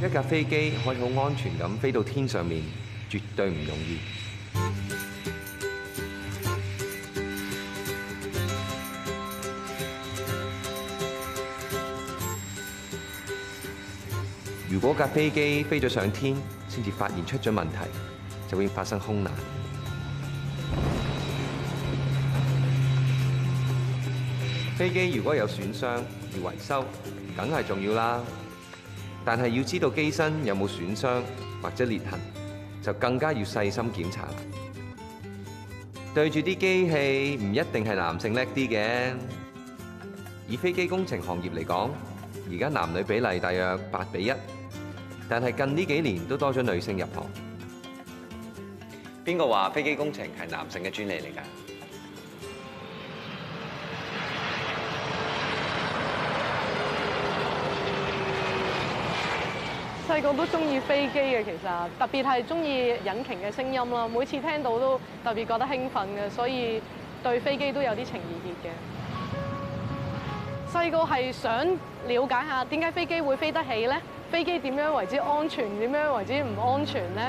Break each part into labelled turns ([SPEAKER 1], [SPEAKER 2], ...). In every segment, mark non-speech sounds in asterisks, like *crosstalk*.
[SPEAKER 1] 一架飛機可以好安全咁飛到天上面，絕對唔容易。如果架飛機飛咗上天，先至發現出咗問題，就會發生空難。飛機如果有損傷要維修，梗係重要啦。但係要知道機身有冇損傷或者裂痕，就更加要細心檢查。對住啲機器，唔一定係男性叻啲嘅。以飛機工程行業嚟講，而家男女比例大約八比一，但係近呢幾年都多咗女性入行。邊個話飛機工程係男性嘅專利嚟㗎？
[SPEAKER 2] 細個都中意飛機嘅，其實特別係中意引擎嘅聲音啦。每次聽到都特別覺得興奮嘅，所以對飛機都有啲情意結嘅。細個係想了解下點解飛機會飛得起呢？飛機點樣為之安全？點樣為之唔安全呢？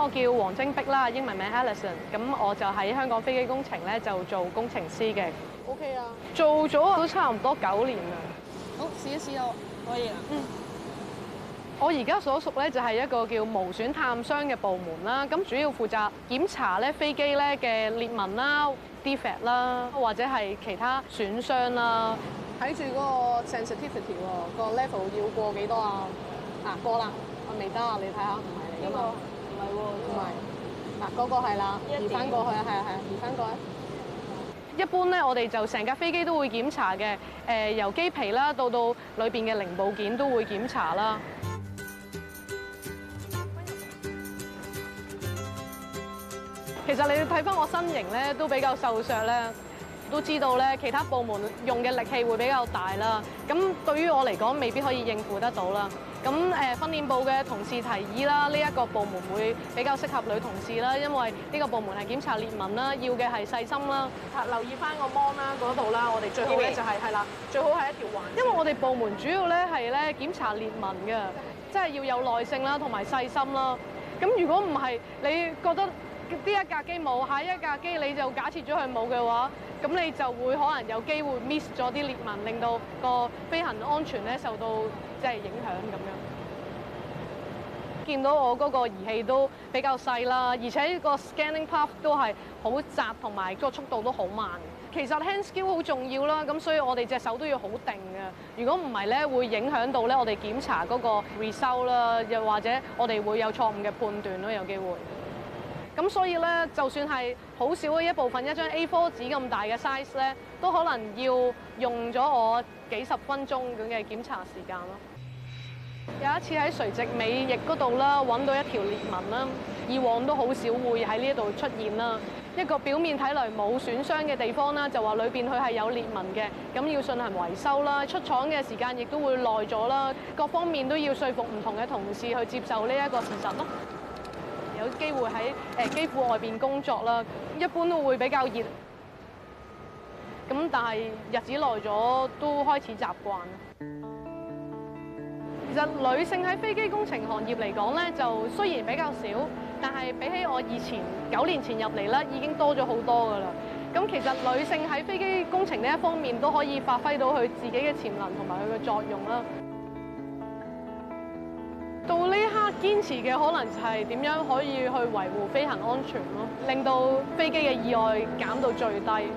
[SPEAKER 2] 我叫王晶璧啦，英文名 Alison 咁我就喺香港飛機工程咧，就做工程師嘅。O K 啊！做咗都差唔多九年啦。好，試一試咯，可以啊，嗯。我而家所屬咧就係一個叫無損探傷嘅部門啦。咁主要負責檢查咧飛機咧嘅裂紋啦、defect 啦，或者係其他損傷啦。睇住嗰個 sensitivity 喎，個 level 要過幾多啊？啊，過啦。我未得啊，你睇下，唔係㗎嘛。唔同埋嗱，嗰個係啦，移翻過去啊，係啊係啊，移翻過去。過去一般咧，我哋就成架飛機都會檢查嘅，誒由機皮啦，到到裏邊嘅零部件都會檢查啦。其實你要睇翻我身形咧，都比較瘦削咧，都知道咧，其他部門用嘅力氣會比較大啦。咁對於我嚟講，未必可以應付得到啦。咁誒、呃、訓練部嘅同事提議啦，呢、這、一個部門會比較適合女同事啦，因為呢個部門係檢查裂紋啦，要嘅係細心啦，啊、留意翻個芒啦嗰度啦，我哋最好咧就係、是、係 *music* 啦，最好係一條環。因為我哋部門主要咧係咧檢查裂紋嘅，即、就、係、是、要有耐性啦，同埋細心啦。咁如果唔係，你覺得？呢一架機冇，下一架機你就假設咗佢冇嘅話，咁你就會可能有機會 miss 咗啲裂紋，令到個飛行安全咧受到即係影響咁樣。我見到我嗰個儀器都比較細啦，而且個 scanning path 都係好窄，同埋個速度都好慢。其實 hand skill 好重要啦，咁所以我哋隻手都要好定嘅。如果唔係咧，會影響到咧我哋檢查嗰個 result 啦，又或者我哋會有錯誤嘅判斷咯，有機會。咁所以咧，就算係好少嘅一部分，一張 A4 紙咁大嘅 size 咧，都可能要用咗我幾十分鐘咁嘅檢查時間咯。 *noise* 有一次喺垂直尾翼嗰度啦，揾到一條裂紋啦，以往都好少會喺呢一度出現啦。一個表面睇嚟冇損傷嘅地方啦，就話裏邊佢係有裂紋嘅，咁要進行維修啦，出廠嘅時間亦都會耐咗啦，各方面都要說服唔同嘅同事去接受呢一個事實咯。機會喺誒機庫外面工作啦，一般都會比較熱，咁但係日子耐咗都開始習慣。其實女性喺飛機工程行業嚟講咧，就雖然比較少，但係比起我以前九年前入嚟咧，已經多咗好多㗎喇。咁其實女性喺飛機工程呢一方面都可以發揮到佢自己嘅潛能同埋佢嘅作用啦。到呢一刻堅持嘅可能就係點樣可以去維護飛行安全囉，令到飛機嘅意外減到最低。